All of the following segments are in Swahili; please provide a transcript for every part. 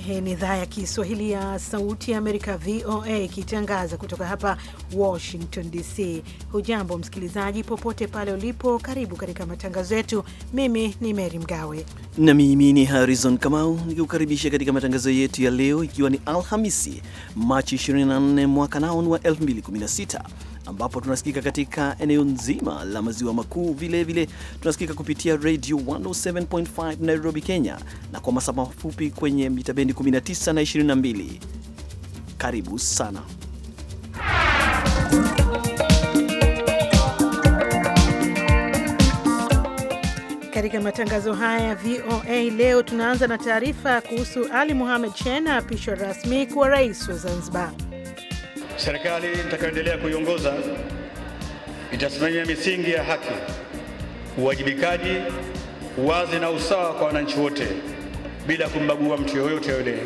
Starehe ni idhaa ya Kiswahili ya Sauti ya Amerika, VOA, ikitangaza kutoka hapa Washington DC. Hujambo msikilizaji, popote pale ulipo, karibu katika matangazo yetu. Mimi ni Mary Mgawe na mimi ni Harrison Kamau nikikukaribisha katika matangazo yetu ya leo, ikiwa ni Alhamisi Machi 24 mwaka naon wa 2016 ambapo tunasikika katika eneo nzima la maziwa makuu. Vilevile tunasikika kupitia redio 107.5 Nairobi, Kenya, na kwa masafa mafupi kwenye mita bendi 19 na 22. Karibu sana. Katika matangazo haya ya VOA leo tunaanza na taarifa kuhusu Ali Muhamed Shein aapishwa rasmi kuwa rais wa Zanzibar serikali nitakayoendelea kuiongoza itasimamia misingi ya haki, uwajibikaji, uwazi na usawa kwa wananchi wote bila kumbagua mtu yoyote yule.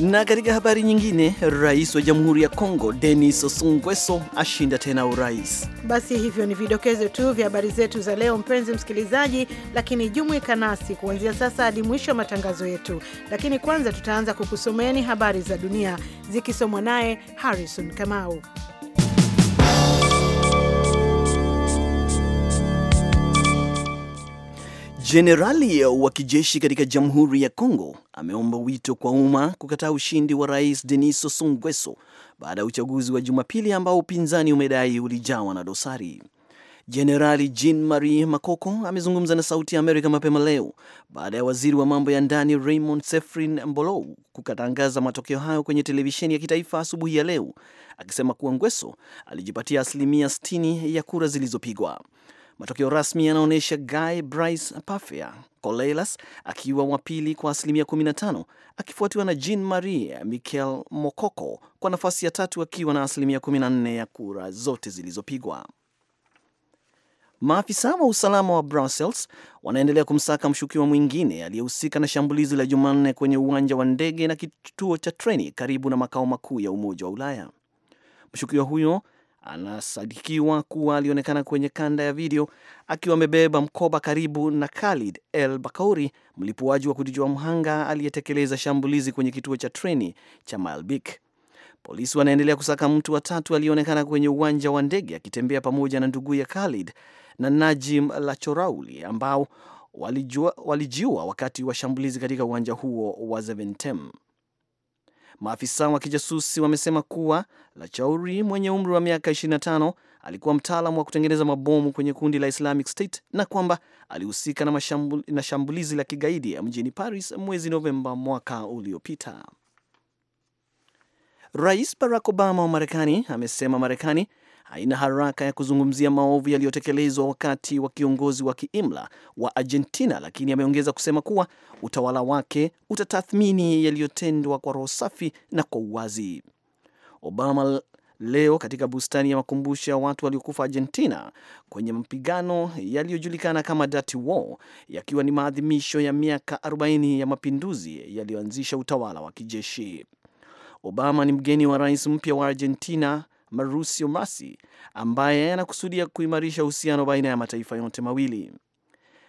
Na katika habari nyingine, rais wa Jamhuri ya Kongo Denis Sassou Nguesso ashinda tena urais. Basi hivyo ni vidokezo tu vya habari zetu za leo, mpenzi msikilizaji, lakini jumuika nasi kuanzia sasa hadi mwisho wa matangazo yetu. Lakini kwanza tutaanza kukusomeni habari za dunia zikisomwa naye Harrison Kamau. Jenerali wa kijeshi katika Jamhuri ya Kongo ameomba wito kwa umma kukataa ushindi wa Rais Denis Sassou Nguesso baada ya uchaguzi wa Jumapili ambao upinzani umedai ulijawa na dosari. Jenerali Jean Marie Makoko amezungumza na Sauti ya Amerika mapema leo baada ya waziri wa mambo ya ndani Raymond Sefrin Mbolou kukatangaza matokeo hayo kwenye televisheni ya kitaifa asubuhi ya leo, akisema kuwa Ngweso alijipatia asilimia 60 ya kura zilizopigwa. Matokeo rasmi yanaonyesha Guy Brice Pafia Coleilas akiwa wa pili kwa asilimia 15 akifuatiwa na Jean Marie Michel Mokoko kwa nafasi ya tatu akiwa na asilimia 14 ya kura zote zilizopigwa. Maafisa wa usalama wa Brussels wanaendelea kumsaka mshukiwa mwingine aliyehusika na shambulizi la Jumanne kwenye uwanja wa ndege na kituo cha treni karibu na makao makuu ya Umoja wa Ulaya. Mshukiwa huyo anasadikiwa kuwa alionekana kwenye kanda ya video akiwa amebeba mkoba karibu na Khalid El Bakauri, mlipuaji wa kujitoa mhanga aliyetekeleza shambulizi kwenye kituo cha treni cha Malbik. Polisi wanaendelea kusaka mtu watatu aliyeonekana kwenye uwanja wa ndege akitembea pamoja na ndugu ya Khalid na Najim Lachorauli ambao walijiua wakati wa shambulizi katika uwanja huo wa Zeventem. Maafisa wa kijasusi wamesema kuwa Lachauri mwenye umri wa miaka 25 alikuwa mtaalamu wa kutengeneza mabomu kwenye kundi la Islamic State na kwamba alihusika na, na shambulizi la kigaidi mjini Paris mwezi Novemba mwaka uliopita. Rais Barack Obama wa Marekani amesema Marekani haina haraka ya kuzungumzia maovu yaliyotekelezwa wakati wa kiongozi wa kiimla wa Argentina, lakini ameongeza kusema kuwa utawala wake utatathmini yaliyotendwa kwa roho safi na kwa uwazi. Obama leo katika bustani ya makumbusho ya watu waliokufa Argentina kwenye mapigano yaliyojulikana kama Dirty War, yakiwa ni maadhimisho ya miaka 40 ya mapinduzi yaliyoanzisha utawala wa kijeshi. Obama ni mgeni wa rais mpya wa Argentina marusio masi ambaye anakusudia kuimarisha uhusiano baina ya mataifa yote mawili.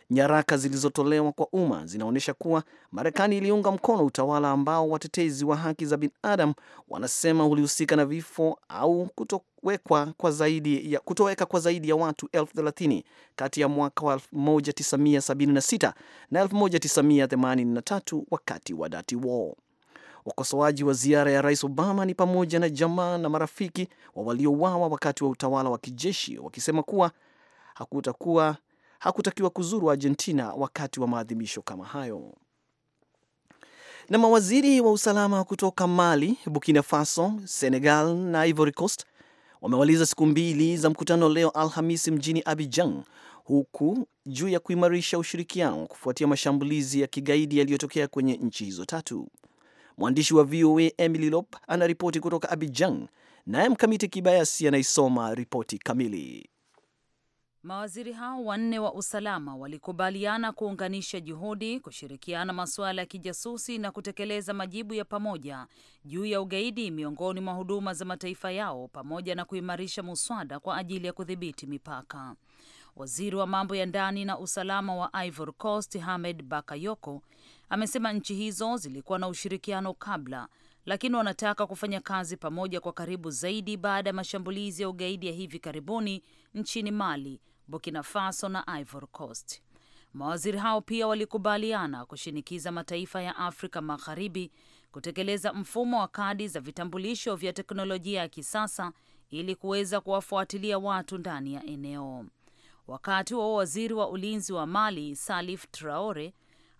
Nyaraka zilizotolewa kwa umma zinaonyesha kuwa Marekani iliunga mkono utawala ambao watetezi wa haki za binadamu wanasema ulihusika na vifo au kutoweka kwa zaidi ya, kutoweka kwa zaidi ya watu elfu thelathini kati ya mwaka wa 1976 na 1983 wakati wa Dati War wakosoaji wa ziara ya Rais Obama ni pamoja na jamaa na marafiki wa waliouawa wakati wa utawala wa kijeshi wakisema kuwa hakutakuwa hakutakiwa kuzuru Argentina wakati wa maadhimisho kama hayo. Na mawaziri wa usalama kutoka Mali, Burkina Faso, Senegal na Ivory Coast wamemaliza siku mbili za mkutano leo Alhamisi mjini Abidjan huku juu ya kuimarisha ushirikiano kufuatia mashambulizi ya kigaidi yaliyotokea kwenye nchi hizo tatu. Mwandishi wa VOA Emily Lop anaripoti kutoka Abidjan, naye Mkamiti Kibayasi anaisoma ripoti kamili. Mawaziri hao wanne wa usalama walikubaliana kuunganisha juhudi, kushirikiana masuala ya kijasusi na kutekeleza majibu ya pamoja juu ya ugaidi miongoni mwa huduma za mataifa yao, pamoja na kuimarisha muswada kwa ajili ya kudhibiti mipaka. Waziri wa mambo ya ndani na usalama wa Ivory Coast Hamed Bakayoko Amesema nchi hizo zilikuwa na ushirikiano kabla, lakini wanataka kufanya kazi pamoja kwa karibu zaidi baada ya mashambulizi ya ugaidi ya hivi karibuni nchini Mali, Burkina Faso na Ivory Coast. Mawaziri hao pia walikubaliana kushinikiza mataifa ya Afrika Magharibi kutekeleza mfumo wa kadi za vitambulisho vya teknolojia ya kisasa ili kuweza kuwafuatilia watu ndani ya eneo. Wakati wa waziri wa ulinzi wa Mali Salif Traore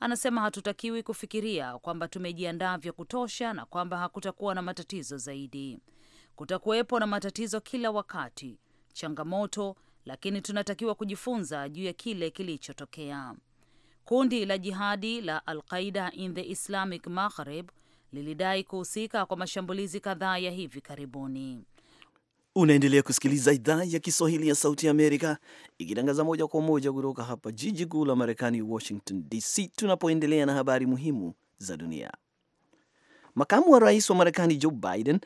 Anasema hatutakiwi kufikiria kwamba tumejiandaa vya kutosha na kwamba hakutakuwa na matatizo zaidi. Kutakuwepo na matatizo kila wakati, changamoto, lakini tunatakiwa kujifunza juu ya kile kilichotokea. Kundi la jihadi la Alqaida in the Islamic Maghreb lilidai kuhusika kwa mashambulizi kadhaa ya hivi karibuni. Unaendelea kusikiliza idhaa ya Kiswahili ya Sauti ya Amerika ikitangaza moja kwa moja kutoka hapa jiji kuu la Marekani, Washington DC, tunapoendelea na habari muhimu za dunia. Makamu wa rais wa Marekani Joe Biden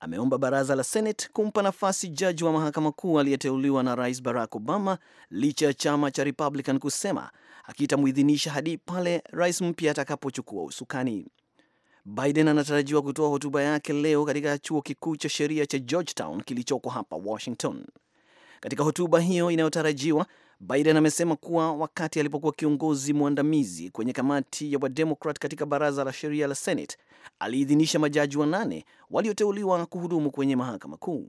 ameomba baraza la Senate kumpa nafasi jaji wa mahakama kuu aliyeteuliwa na Rais Barack Obama licha ya chama cha Republican kusema akitamwidhinisha hadi pale rais mpya atakapochukua usukani. Biden anatarajiwa kutoa hotuba yake leo katika chuo kikuu cha sheria cha Georgetown kilichoko hapa Washington. Katika hotuba hiyo inayotarajiwa, Biden amesema kuwa wakati alipokuwa kiongozi mwandamizi kwenye kamati ya Wademokrat katika baraza la sheria la Senate, aliidhinisha majaji wanane walioteuliwa kuhudumu kwenye mahakama kuu.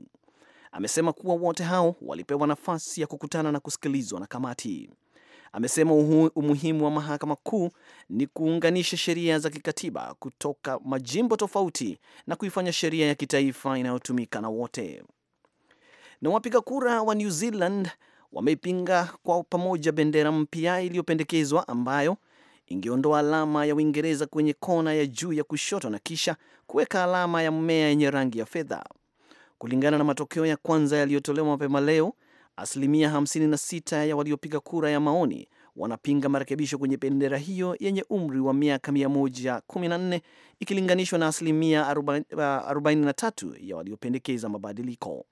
Amesema kuwa wote hao walipewa nafasi ya kukutana na kusikilizwa na kamati amesema umuhimu wa mahakama kuu ni kuunganisha sheria za kikatiba kutoka majimbo tofauti na kuifanya sheria ya kitaifa inayotumika na wote. Na wapiga kura wa New Zealand wameipinga kwa pamoja bendera mpya iliyopendekezwa ambayo ingeondoa alama ya Uingereza kwenye kona ya juu ya kushoto na kisha kuweka alama ya mmea yenye rangi ya fedha. Kulingana na matokeo ya kwanza yaliyotolewa mapema leo, Asilimia 56 ya waliopiga kura ya maoni wanapinga marekebisho kwenye bendera hiyo yenye umri wa miaka 114 ikilinganishwa na asilimia 43 uh, ya waliopendekeza mabadiliko.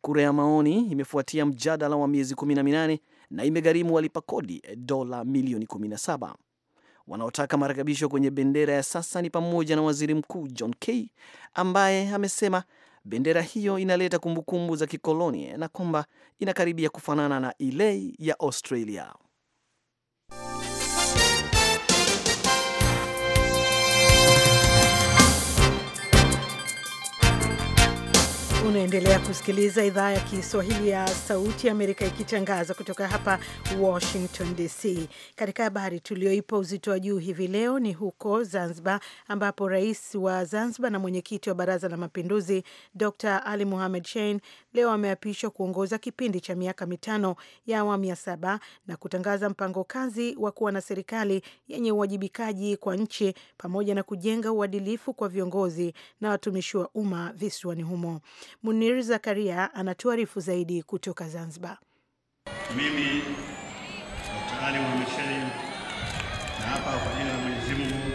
Kura ya maoni imefuatia mjadala wa miezi 18 na imegharimu walipa kodi dola milioni 17. Wanaotaka marekebisho kwenye bendera ya sasa ni pamoja na waziri mkuu John Key ambaye amesema bendera hiyo inaleta kumbukumbu za kikoloni na kwamba inakaribia kufanana na ile ya Australia. Unaendelea kusikiliza idhaa ya Kiswahili ya Sauti ya Amerika ikitangaza kutoka hapa Washington DC. Katika habari tulioipa uzito wa juu hivi leo ni huko Zanzibar, ambapo rais wa Zanzibar na mwenyekiti wa Baraza la Mapinduzi Dr Ali muhamed Shein leo ameapishwa kuongoza kipindi cha miaka mitano ya awamu ya saba na kutangaza mpango kazi wa kuwa na serikali yenye uwajibikaji kwa nchi pamoja na kujenga uadilifu kwa viongozi na watumishi wa umma visiwani humo. Munir Zakaria anatuarifu zaidi kutoka Zanzibar. Mimi tayari Mwamisheni na hapa kwa jina la Mwenyezi Mungu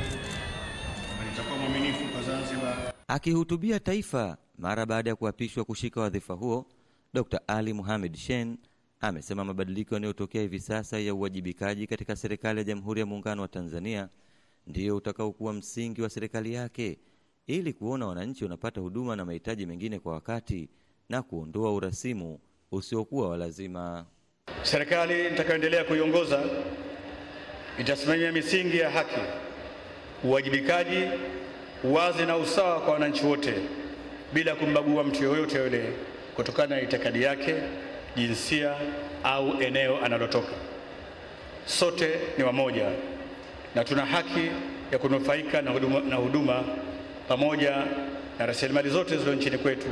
nitakuwa mwaminifu kwa Zanzibar Akihutubia taifa mara baada ya kuapishwa kushika wadhifa huo, Dr. Ali muhamed Shein amesema mabadiliko yanayotokea hivi sasa ya uwajibikaji katika serikali ya Jamhuri ya Muungano wa Tanzania ndiyo utakaokuwa msingi wa serikali yake ili kuona wananchi wanapata huduma na mahitaji mengine kwa wakati na kuondoa urasimu usiokuwa wa lazima. Serikali nitakayoendelea kuiongoza itasimamia misingi ya haki, uwajibikaji uwazi na usawa kwa wananchi wote bila kumbagua mtu yoyote yule kutokana na itikadi yake, jinsia au eneo analotoka. Sote ni wamoja na tuna haki ya kunufaika na huduma, na huduma pamoja na rasilimali zote zilizo nchini kwetu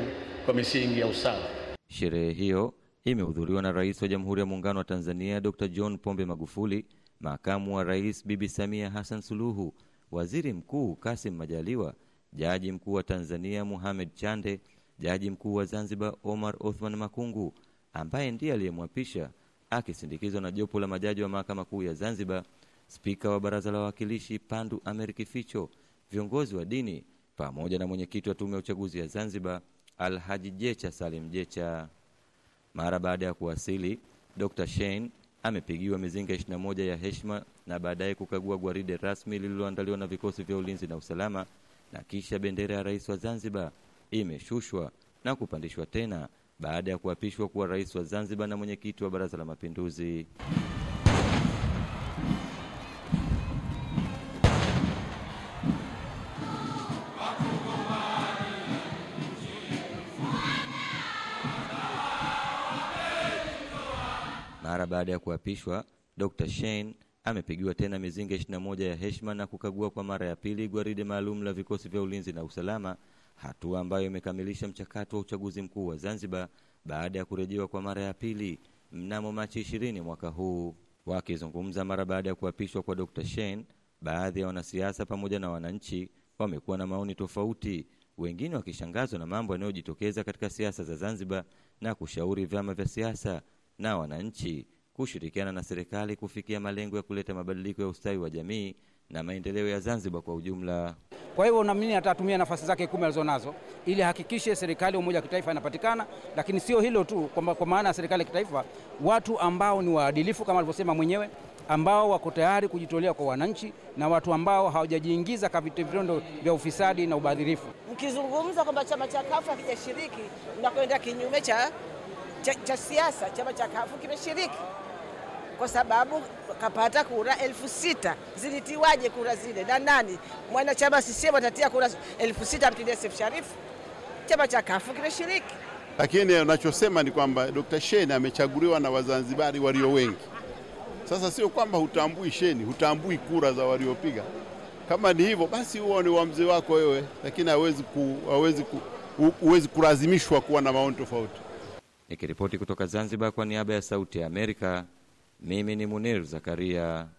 kwa misingi ya usawa. Sherehe hiyo imehudhuriwa na Rais wa Jamhuri ya Muungano wa Tanzania Dr. John Pombe Magufuli, Makamu wa Rais Bibi Samia Hassan Suluhu Waziri Mkuu Kasim Majaliwa, Jaji Mkuu wa Tanzania muhamed Chande, Jaji Mkuu wa Zanzibar Omar Othman Makungu ambaye ndiye aliyemwapisha akisindikizwa na jopo la majaji wa Mahakama Kuu ya Zanzibar, Spika wa Baraza la Wawakilishi Pandu Amer Kificho, viongozi wa dini pamoja na mwenyekiti wa Tume ya Uchaguzi ya Zanzibar Alhaji Jecha Salim Jecha. Mara baada ya kuwasili, Dr. Shein amepigiwa mizinga 21 ya heshima na baadaye kukagua gwaride rasmi lililoandaliwa na vikosi vya ulinzi na usalama, na kisha bendera ya rais wa Zanzibar imeshushwa na kupandishwa tena baada ya kuapishwa kuwa rais wa Zanzibar na mwenyekiti wa Baraza la Mapinduzi. Baada ya kuapishwa, Dr. Shein amepigiwa tena mizinga 21 ya heshima na kukagua kwa mara ya pili gwaride maalum la vikosi vya ulinzi na usalama, hatua ambayo imekamilisha mchakato wa uchaguzi mkuu wa Zanzibar baada ya kurejewa kwa mara ya pili mnamo Machi 20 mwaka huu. Wakizungumza mara baada ya kuapishwa kwa Dr. Shein, baadhi ya wanasiasa pamoja na wananchi wamekuwa na maoni tofauti, wengine wakishangazwa na mambo yanayojitokeza katika siasa za Zanzibar na kushauri vyama vya siasa na wananchi kushirikiana na serikali kufikia malengo ya kuleta mabadiliko ya ustawi wa jamii na maendeleo ya Zanzibar kwa ujumla. Kwa hivyo naamini atatumia nafasi zake kumi alizonazo ili hakikishe serikali ya umoja wa kitaifa inapatikana, lakini sio hilo tu, kwa, kwa maana ya serikali ya kitaifa, watu ambao ni waadilifu kama alivyosema mwenyewe, ambao wako tayari kujitolea kwa wananchi na watu ambao hawajajiingiza katika vitendo vya ufisadi na ubadhirifu. Mkizungumza kwamba chama cha kafu hakijashiriki, na kwenda kinyume cha, cha, cha siasa. Chama cha kafu kimeshiriki kwa sababu kapata kura elfu sita. Zilitiwaje kura zile na nani? Mwanachama CCM atatia kura elfu sita mtilie sefu Sharif? Chama cha kafu kimeshiriki lakini unachosema ni kwamba Dr. Shein amechaguliwa na Wazanzibari walio wengi. Sasa sio kwamba hutambui Shein, hutambui kura za waliopiga. Kama ni hivyo basi, huo ni uamuzi wako wewe, lakini hawezi ku, hawezi ku, huwezi kulazimishwa kuwa na maoni tofauti. Nikiripoti kutoka Zanzibar kwa niaba ya Sauti ya Amerika. Mimi ni Munir Zakaria.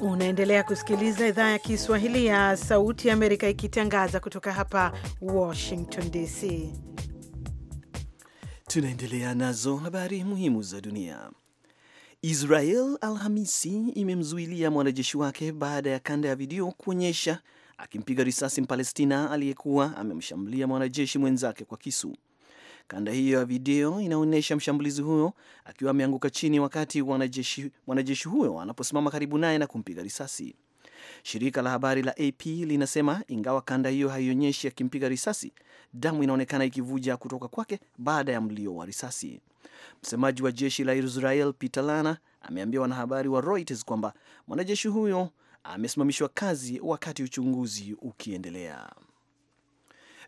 Unaendelea kusikiliza idhaa ya Kiswahili ya Sauti ya Amerika ikitangaza kutoka hapa Washington DC. Tunaendelea nazo habari muhimu za dunia. Israel Alhamisi imemzuilia mwanajeshi wake baada ya kanda ya video kuonyesha akimpiga risasi Mpalestina aliyekuwa amemshambulia mwanajeshi mwenzake kwa kisu. Kanda hiyo ya video inaonyesha mshambulizi huyo akiwa ameanguka chini wakati wanajeshi, mwanajeshi huyo anaposimama karibu naye na kumpiga risasi. Shirika la habari la AP linasema ingawa kanda hiyo haionyeshi akimpiga risasi, damu inaonekana ikivuja kutoka kwake baada ya mlio wa risasi. Msemaji wa jeshi la Israel Peter Lana ameambia wanahabari wa Reuters kwamba mwanajeshi huyo amesimamishwa kazi wakati uchunguzi ukiendelea.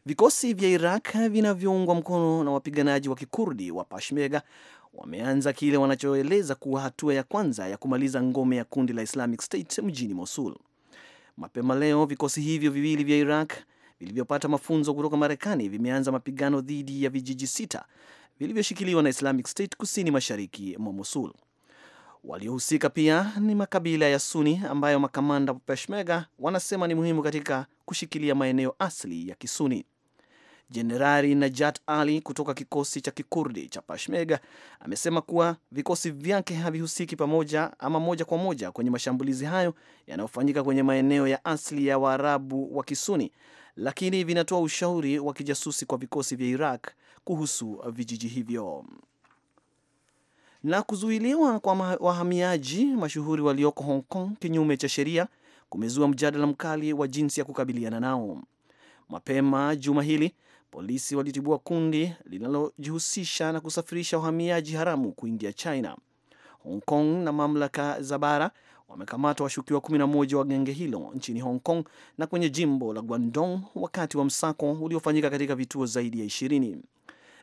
Vikosi vya Iraq vinavyoungwa mkono na wapiganaji wa kikurdi wa Peshmerga wameanza kile wanachoeleza kuwa hatua ya kwanza ya kumaliza ngome ya kundi la Islamic State mjini Mosul. Mapema leo vikosi hivyo viwili vya Iraq vilivyopata mafunzo kutoka Marekani vimeanza mapigano dhidi ya vijiji sita vilivyoshikiliwa na Islamic State kusini mashariki mwa Mosul. Waliohusika pia ni makabila ya Suni ambayo makamanda wa Peshmerga wanasema ni muhimu katika kushikilia maeneo asili ya Kisuni. Jenerali Najat Ali kutoka kikosi cha kikurdi cha Peshmerga amesema kuwa vikosi vyake havihusiki pamoja ama moja kwa moja kwenye mashambulizi hayo yanayofanyika kwenye maeneo ya asili ya Waarabu wa Kisuni, lakini vinatoa ushauri wa kijasusi kwa vikosi vya Iraq kuhusu vijiji hivyo. Na kuzuiliwa kwa wahamiaji mashuhuri walioko Hong Kong kinyume cha sheria kumezua mjadala mkali wa jinsi ya kukabiliana nao. Mapema juma hili polisi walitibua kundi linalojihusisha na kusafirisha wahamiaji haramu kuingia China. Hong Kong na mamlaka za bara wamekamata washukiwa 11 wa genge hilo nchini Hong Kong na kwenye jimbo la Guangdong wakati wa msako uliofanyika katika vituo zaidi ya 20.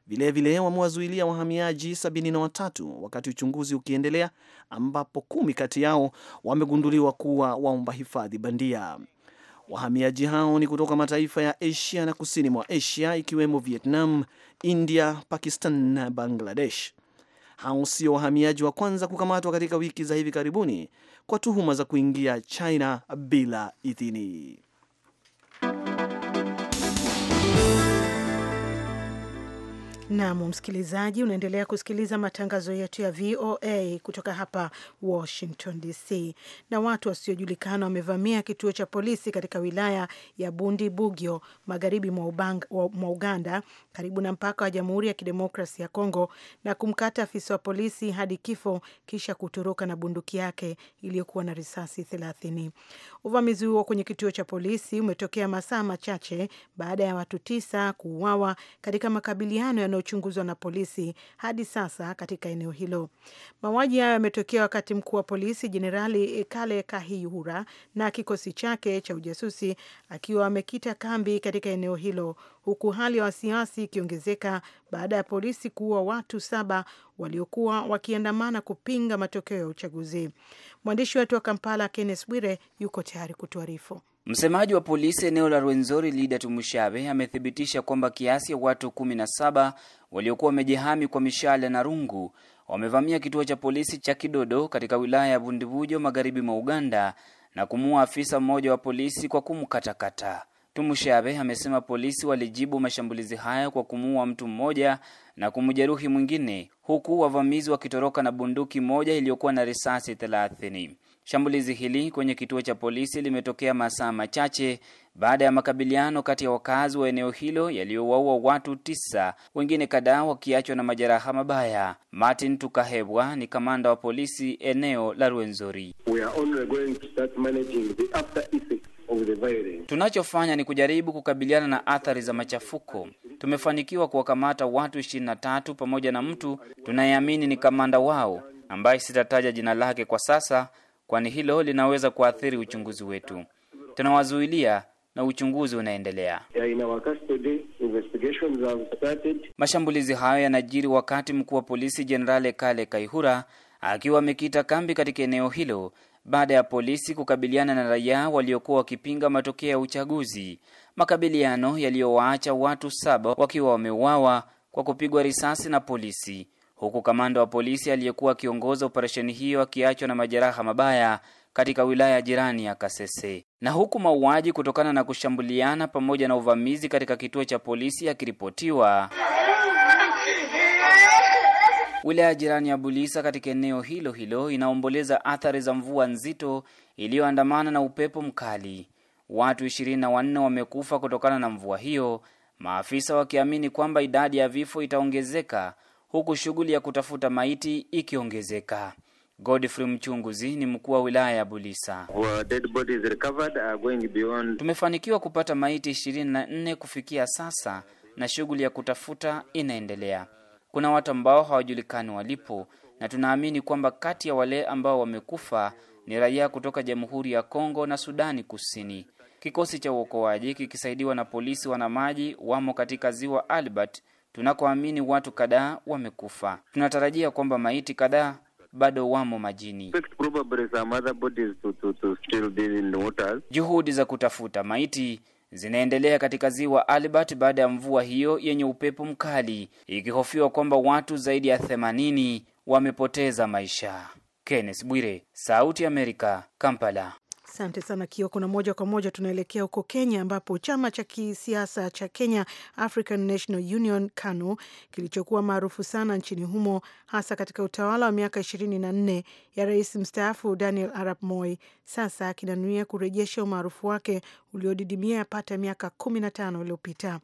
Vilevile wamewazuilia wahamiaji watatu wakati uchunguzi ukiendelea, ambapo kumi kati yao wamegunduliwa kuwa waomba hifadhi bandia. Wahamiaji hao ni kutoka mataifa ya Asia na kusini mwa Asia ikiwemo Vietnam, India, Pakistan na Bangladesh. Hao sio wahamiaji wa kwanza kukamatwa katika wiki za hivi karibuni kwa tuhuma za kuingia China bila idhini. Nam msikilizaji, unaendelea kusikiliza matangazo yetu ya VOA kutoka hapa Washington DC. Na watu wasiojulikana wamevamia kituo cha polisi katika wilaya ya Bundi Bugyo, magharibi mwa Uganda, karibu na mpaka wa Jamhuri ya Kidemokrasi ya Kongo, na kumkata afisa wa polisi hadi kifo, kisha kutoroka na bunduki yake iliyokuwa na risasi thelathini. Uvamizi huo kwenye kituo cha polisi umetokea masaa machache baada ya watu tisa kuuawa katika makabiliano yanayochunguzwa na polisi hadi sasa katika eneo hilo. Mauaji hayo yametokea wakati mkuu wa polisi Jenerali Kale Kahihura na kikosi chake cha ujasusi akiwa amekita kambi katika eneo hilo, huku hali ya wa wasiwasi ikiongezeka baada ya polisi kuua watu saba waliokuwa wakiandamana kupinga matokeo ya uchaguzi. Mwandishi wetu wa Kampala kennes Bwire yuko tayari kutuarifu. Msemaji wa polisi eneo la Rwenzori Lida Tumushabe amethibitisha kwamba kiasi ya watu 17 waliokuwa wamejihami kwa mishale na rungu wamevamia kituo cha polisi cha Kidodo katika wilaya ya Bundibujo magharibi mwa Uganda na kumuua afisa mmoja wa polisi kwa kumkatakata. Tumushabe amesema polisi walijibu mashambulizi hayo kwa kumuua mtu mmoja na kumjeruhi mwingine huku wavamizi wakitoroka na bunduki moja iliyokuwa na risasi 30. Shambulizi hili kwenye kituo cha polisi limetokea masaa machache baada ya makabiliano kati ya wakazi wa eneo hilo yaliyowaua watu tisa, wengine kadhaa wakiachwa na majeraha mabaya. Martin Tukahebwa ni kamanda wa polisi eneo la Rwenzori. Tunachofanya ni kujaribu kukabiliana na athari za machafuko. Tumefanikiwa kuwakamata watu 23 pamoja na mtu tunayeamini ni kamanda wao ambaye sitataja jina lake kwa sasa kwani hilo linaweza kuathiri uchunguzi wetu. Tunawazuilia na uchunguzi unaendelea. Mashambulizi hayo yanajiri wakati mkuu wa polisi Jenerali Kale Kaihura akiwa amekita kambi katika eneo hilo baada ya polisi kukabiliana na raia waliokuwa wakipinga matokeo ya uchaguzi, makabiliano yaliyowaacha watu saba wakiwa wameuawa kwa kupigwa risasi na polisi huku kamanda wa polisi aliyekuwa akiongoza operesheni hiyo akiachwa na majeraha mabaya katika wilaya jirani ya Kasese. Na huku mauaji kutokana na kushambuliana pamoja na uvamizi katika kituo cha polisi yakiripotiwa wilaya jirani ya Bulisa katika eneo hilo hilo inaomboleza athari za mvua nzito iliyoandamana na upepo mkali. Watu 24 wamekufa kutokana na mvua hiyo, maafisa wakiamini kwamba idadi ya vifo itaongezeka huku shughuli ya kutafuta maiti ikiongezeka. Godfrey Mchunguzi ni mkuu wa wilaya ya Bulisa. Uh, Tumefanikiwa kupata maiti 24 kufikia sasa na shughuli ya kutafuta inaendelea. Kuna watu ambao hawajulikani walipo, na tunaamini kwamba kati ya wale ambao wamekufa ni raia kutoka Jamhuri ya Kongo na Sudani Kusini. Kikosi cha uokoaji kikisaidiwa na polisi wanamaji wamo katika ziwa Albert tunakoamini watu kadhaa wamekufa. Tunatarajia kwamba maiti kadhaa bado wamo majini. Juhudi za kutafuta maiti zinaendelea katika ziwa Albert baada ya mvua hiyo yenye upepo mkali, ikihofiwa kwamba watu zaidi ya 80 wamepoteza maisha. Kenneth Bwire, Sauti ya Amerika, Kampala. Asante sana Kioko, na moja kwa moja tunaelekea huko Kenya ambapo chama cha kisiasa cha Kenya African National Union KANU kilichokuwa maarufu sana nchini humo hasa katika utawala wa miaka ishirini na nne ya rais mstaafu Daniel Arap Moi sasa kinanuia kurejesha umaarufu wake uliodidimia yapata miaka kumi na tano iliyopita.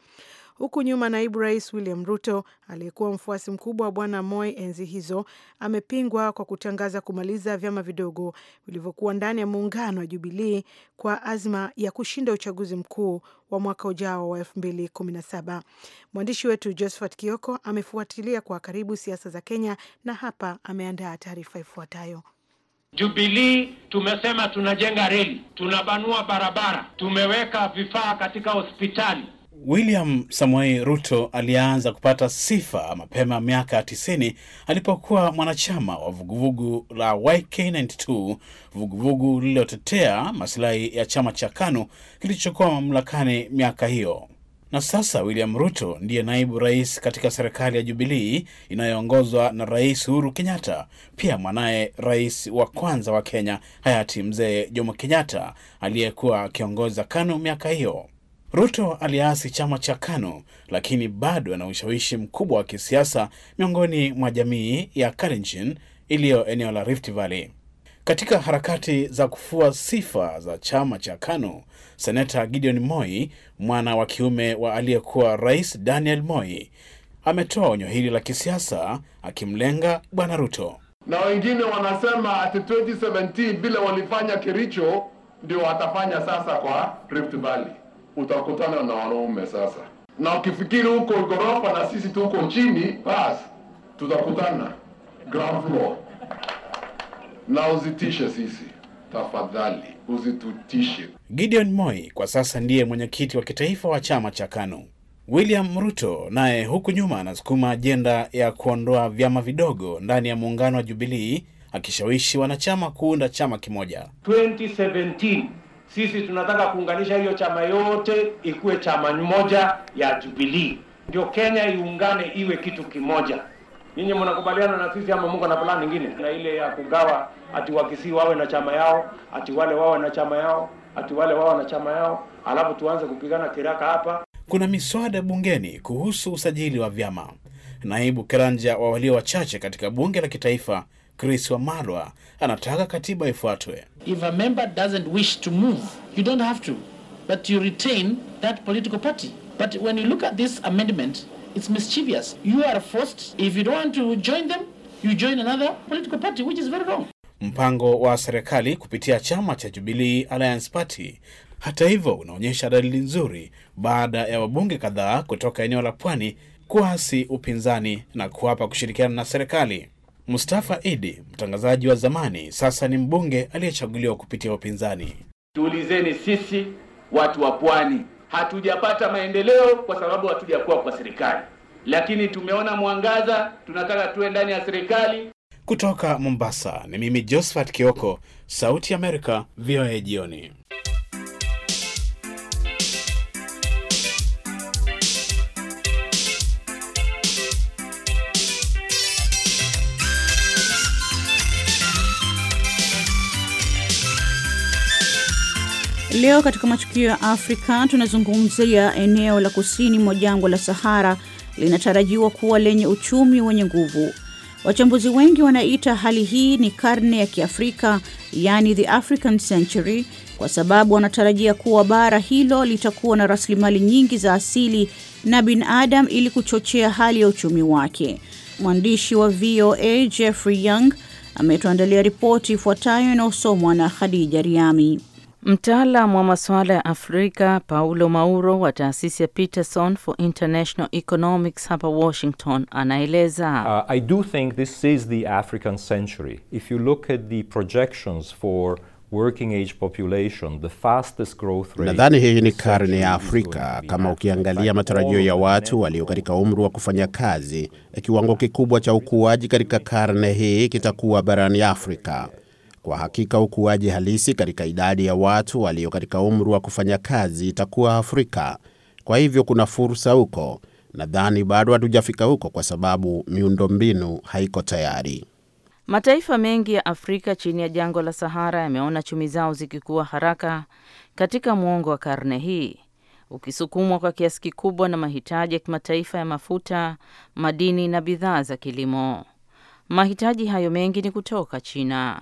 Huku nyuma, naibu rais William Ruto aliyekuwa mfuasi mkubwa wa bwana Moi enzi hizo amepingwa kwa kutangaza kumaliza vyama vidogo vilivyokuwa ndani ya muungano wa Jubilii kwa azma ya kushinda uchaguzi mkuu wa mwaka ujao wa 2017. Mwandishi wetu Josephat Kioko amefuatilia kwa karibu siasa za Kenya na hapa ameandaa taarifa ifuatayo. jubilii tumesema tunajenga reli, tunabanua barabara, tumeweka vifaa katika hospitali William samuei Ruto alianza kupata sifa mapema miaka 90 alipokuwa mwanachama wa vuguvugu la YK92, vuguvugu lililotetea masilahi ya chama cha KANU kilichokuwa mamlakani miaka hiyo. Na sasa William Ruto ndiye naibu rais katika serikali ya Jubilii inayoongozwa na Rais Uhuru Kenyatta. Pia mwanaye rais wa kwanza wa Kenya hayati Mzee Jomo Kenyatta aliyekuwa akiongoza KANU miaka hiyo. Ruto aliasi chama cha KANU lakini bado ana ushawishi mkubwa wa kisiasa miongoni mwa jamii ya Kalenjin iliyo eneo la Rift Valley. Katika harakati za kufua sifa za chama cha KANU, Seneta Gideon Moi, mwana wa kiume wa aliyekuwa Rais Daniel Moi, ametoa onyo hili la kisiasa akimlenga Bwana Ruto. Na wengine wanasema ati 2017 bila walifanya Kericho ndio watafanya sasa kwa Rift Valley utakutana na wanaume sasa, na ukifikiri huko ghorofa na sisi tuko chini, basi tutakutana ground floor, na uzitishe sisi tafadhali, uzitutishe. Gideon Moi kwa sasa ndiye mwenyekiti wa kitaifa wa chama cha KANU. William Ruto naye huku nyuma anasukuma ajenda ya kuondoa vyama vidogo ndani ya muungano wa Jubilii, akishawishi wanachama kuunda chama kimoja 2017 sisi tunataka kuunganisha hiyo chama yote ikuwe chama moja ya Jubilee, ndio Kenya iungane iwe kitu kimoja. ninyi mnakubaliana na sisi ama Mungu na plani nyingine? Na ile ya kugawa ati wakisi wawe na chama yao, ati wale wawe na chama yao, ati wale wawe na chama yao, alafu tuanze kupigana kiraka hapa. Kuna miswada bungeni kuhusu usajili wa vyama. Naibu kiranja wa walio wachache katika bunge la kitaifa Chris Wamalwa anataka katiba ifuatwe. If a member doesn't wish to move, you don't have to, but you retain that political party. But when you look at this amendment, it's mischievous. You are forced, if you don't want to join them, you join another political party, which is very wrong. Mpango wa serikali kupitia chama cha Jubilee Alliance Party hata hivyo unaonyesha dalili nzuri baada ya wabunge kadhaa kutoka eneo la Pwani kuasi upinzani na kuapa kushirikiana na serikali. Mustafa Idi, mtangazaji wa zamani, sasa ni mbunge aliyechaguliwa kupitia upinzani. Tuulizeni sisi watu wa pwani, hatujapata maendeleo kwa sababu hatujakuwa kwa serikali, lakini tumeona mwangaza, tunataka tuwe ndani ya serikali. Kutoka Mombasa ni mimi Josephat Kioko, Sauti ya Amerika, VOA jioni. Leo katika matukio ya Afrika tunazungumzia eneo la kusini mwa jangwa la Sahara linatarajiwa kuwa lenye uchumi wenye nguvu. Wachambuzi wengi wanaita hali hii ni karne ya Kiafrika, yani the African Century, kwa sababu wanatarajia kuwa bara hilo litakuwa na rasilimali nyingi za asili na binadamu ili kuchochea hali ya uchumi wake. Mwandishi wa VOA Jeffrey Young ametuandalia ripoti ifuatayo inayosomwa na Khadija Riami. Mtaalam wa masuala ya Afrika Paulo Mauro wa taasisi ya Peterson for International Economics hapa Washington anaeleza. Uh, I do think this is the African century. If you look at the projections for working age population, the fastest growth rate. Nadhani hii ni karne ya Afrika. Kama ukiangalia matarajio ya watu walio katika umri wa kufanya kazi, kiwango kikubwa cha ukuaji katika karne hii kitakuwa barani Afrika. Kwa hakika ukuaji halisi katika idadi ya watu walio katika umri wa kufanya kazi itakuwa Afrika. Kwa hivyo kuna fursa huko. Nadhani bado hatujafika huko kwa sababu miundombinu haiko tayari. Mataifa mengi ya Afrika chini ya jangwa la Sahara yameona chumi zao zikikuwa haraka katika mwongo wa karne hii, ukisukumwa kwa kiasi kikubwa na mahitaji ya kimataifa ya mafuta, madini na bidhaa za kilimo. Mahitaji hayo mengi ni kutoka China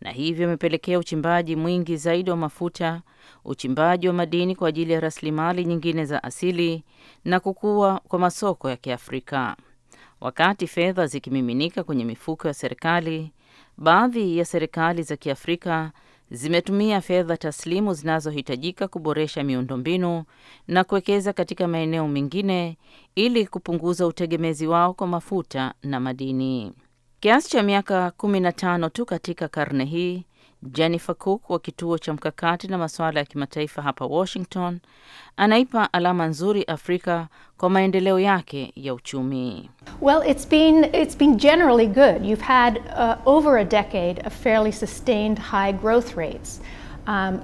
na hivyo imepelekea uchimbaji mwingi zaidi wa mafuta, uchimbaji wa madini kwa ajili ya rasilimali nyingine za asili na kukua kwa masoko ya Kiafrika. Wakati fedha zikimiminika kwenye mifuko ya serikali, baadhi ya serikali za Kiafrika zimetumia fedha taslimu zinazohitajika kuboresha miundombinu na kuwekeza katika maeneo mengine ili kupunguza utegemezi wao kwa mafuta na madini. Kiasi cha miaka 15 tu katika karne hii, Jennifer Cook wa kituo cha mkakati na masuala ya kimataifa hapa Washington anaipa alama nzuri Afrika kwa maendeleo yake ya uchumi. Well, it's been, it's been generally good. You've had uh, over a decade of fairly sustained high growth rates. Um,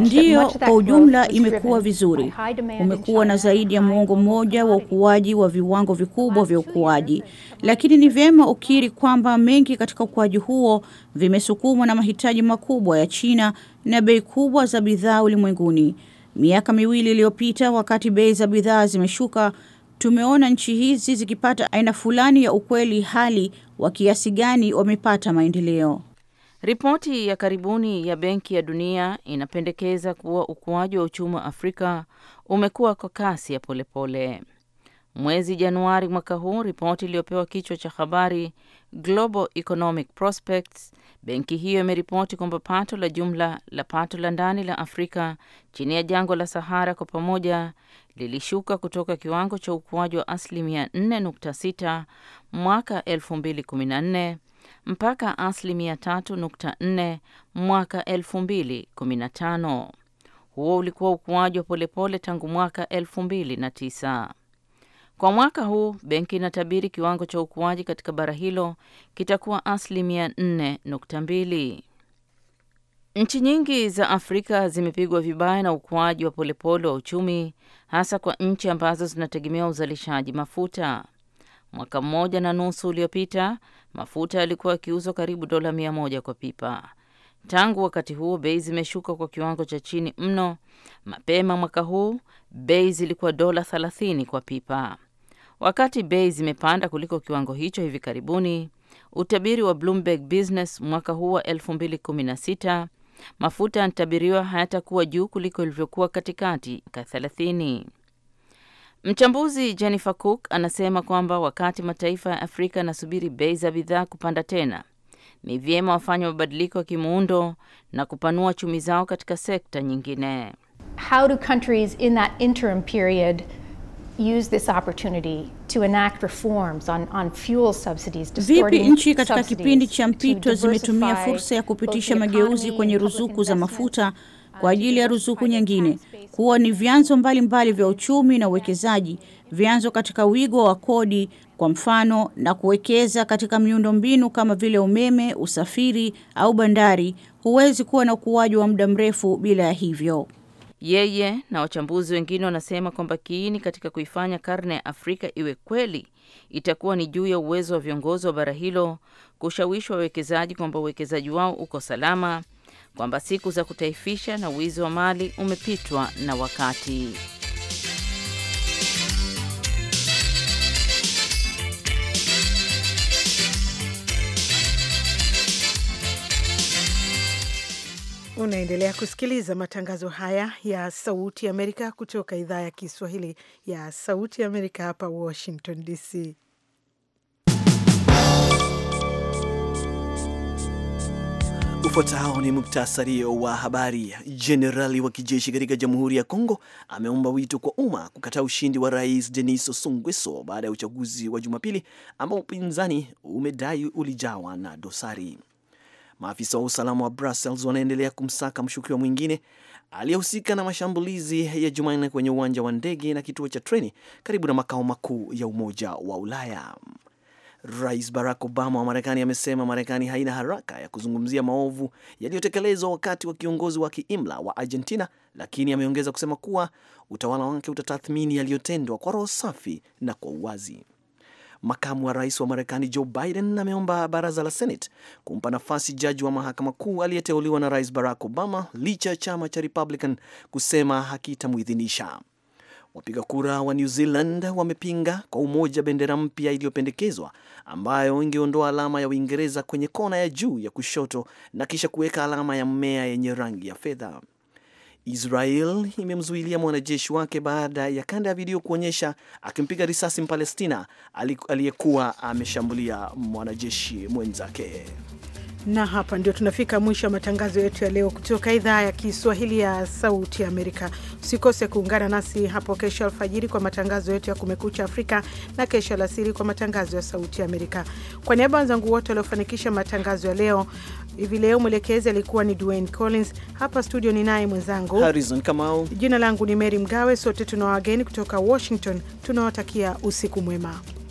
Ndiyo, kwa ujumla imekuwa vizuri. umekuwa na zaidi ya muongo mmoja wa ukuaji wa viwango vikubwa vya ukuaji, lakini ni vyema ukiri kwamba mengi katika ukuaji huo vimesukumwa na mahitaji makubwa ya China na bei kubwa za bidhaa ulimwenguni. Miaka miwili iliyopita, wakati bei za bidhaa zimeshuka, tumeona nchi hizi zikipata aina fulani ya ukweli hali wa kiasi gani wamepata maendeleo. Ripoti ya karibuni ya Benki ya Dunia inapendekeza kuwa ukuaji wa uchumi wa Afrika umekuwa kwa kasi ya polepole. Mwezi Januari mwaka huu, ripoti iliyopewa kichwa cha habari Global Economic Prospects, benki hiyo imeripoti kwamba pato la jumla la pato la ndani la Afrika chini ya jangwa la Sahara kwa pamoja lilishuka kutoka kiwango cha ukuaji wa asilimia 4.6 mwaka 2014 mpaka asilimia 3.4 mwaka 2015. Huo ulikuwa ukuaji wa polepole tangu mwaka 2009. Kwa mwaka huu benki inatabiri kiwango cha ukuaji katika bara hilo kitakuwa asilimia 4.2. Nchi nyingi za Afrika zimepigwa vibaya na ukuaji wa polepole wa uchumi, hasa kwa nchi ambazo zinategemea uzalishaji mafuta. Mwaka mmoja na nusu uliopita, mafuta yalikuwa yakiuzwa karibu dola mia moja kwa pipa. Tangu wakati huo bei zimeshuka kwa kiwango cha chini mno. Mapema mwaka huu bei zilikuwa dola 30 kwa pipa. Wakati bei zimepanda kuliko kiwango hicho hivi karibuni, utabiri wa Bloomberg Business mwaka huu wa 2016 mafuta yanatabiriwa hayatakuwa juu kuliko ilivyokuwa katikati ka 30. Mchambuzi Jennifer Cook anasema kwamba wakati mataifa ya Afrika yanasubiri bei za bidhaa kupanda tena, ni vyema wafanya mabadiliko ya kimuundo na kupanua chumi zao katika sekta nyingine. How do countries in that interim period use this opportunity to enact reforms on, on fuel subsidies? Vipi nchi katika kipindi cha mpito zimetumia fursa ya kupitisha mageuzi kwenye ruzuku za mafuta kwa ajili ya ruzuku nyingine, kuwa ni vyanzo mbalimbali vya uchumi na uwekezaji, vyanzo katika wigo wa kodi kwa mfano, na kuwekeza katika miundombinu kama vile umeme, usafiri au bandari. Huwezi kuwa na ukuaji wa muda mrefu bila ya hivyo. Yeye na wachambuzi wengine wanasema kwamba kiini katika kuifanya karne ya Afrika iwe kweli itakuwa ni juu ya uwezo wa viongozi wa bara hilo kushawishi wawekezaji kwamba uwekezaji wao uko salama kwamba siku za kutaifisha na wizi wa mali umepitwa na wakati. Unaendelea kusikiliza matangazo haya ya Sauti Amerika kutoka idhaa ya Kiswahili ya Sauti Amerika hapa Washington DC. Ufuatao ni muktasari wa habari. Jenerali wa kijeshi katika Jamhuri ya Kongo ameomba wito kwa umma kukataa ushindi wa Rais Denis Sassou Nguesso baada ya uchaguzi wa Jumapili ambao upinzani umedai ulijawa na dosari. Maafisa wa usalama wa Brussels wanaendelea kumsaka mshukiwa mwingine aliyehusika na mashambulizi ya Jumanne kwenye uwanja wa ndege na kituo cha treni karibu na makao makuu ya Umoja wa Ulaya. Rais Barack Obama wa Marekani amesema Marekani haina haraka ya kuzungumzia maovu yaliyotekelezwa wakati wa kiongozi wa kiimla wa Argentina, lakini ameongeza kusema kuwa utawala wake utatathmini yaliyotendwa kwa roho safi na kwa uwazi. Makamu wa rais wa Marekani Joe Biden ameomba baraza la Senate kumpa nafasi jaji wa mahakama kuu aliyeteuliwa na Rais Barack Obama licha ya chama cha Republican kusema hakitamwidhinisha. Wapiga kura wa New Zealand wamepinga kwa umoja bendera mpya iliyopendekezwa ambayo ingeondoa alama ya Uingereza kwenye kona ya juu ya kushoto na kisha kuweka alama ya mmea yenye rangi ya fedha. Israel imemzuilia mwanajeshi wake baada ya kanda ya video kuonyesha akimpiga risasi Mpalestina aliyekuwa ameshambulia mwanajeshi mwenzake na hapa ndio tunafika mwisho wa matangazo yetu ya leo kutoka idhaa ya Kiswahili ya Sauti ya Amerika. Usikose kuungana nasi hapo kesho alfajiri kwa matangazo yetu ya Kumekucha Afrika na kesho alasiri kwa matangazo ya Sauti ya Amerika. Kwa niaba wenzangu wote waliofanikisha matangazo ya leo hivi leo, mwelekezi alikuwa ni Dwayne Collins, hapa studio ni naye mwenzangu Harrison Kamau, jina langu ni Mary Mgawe. Sote tuna wageni kutoka Washington, tunawatakia usiku mwema.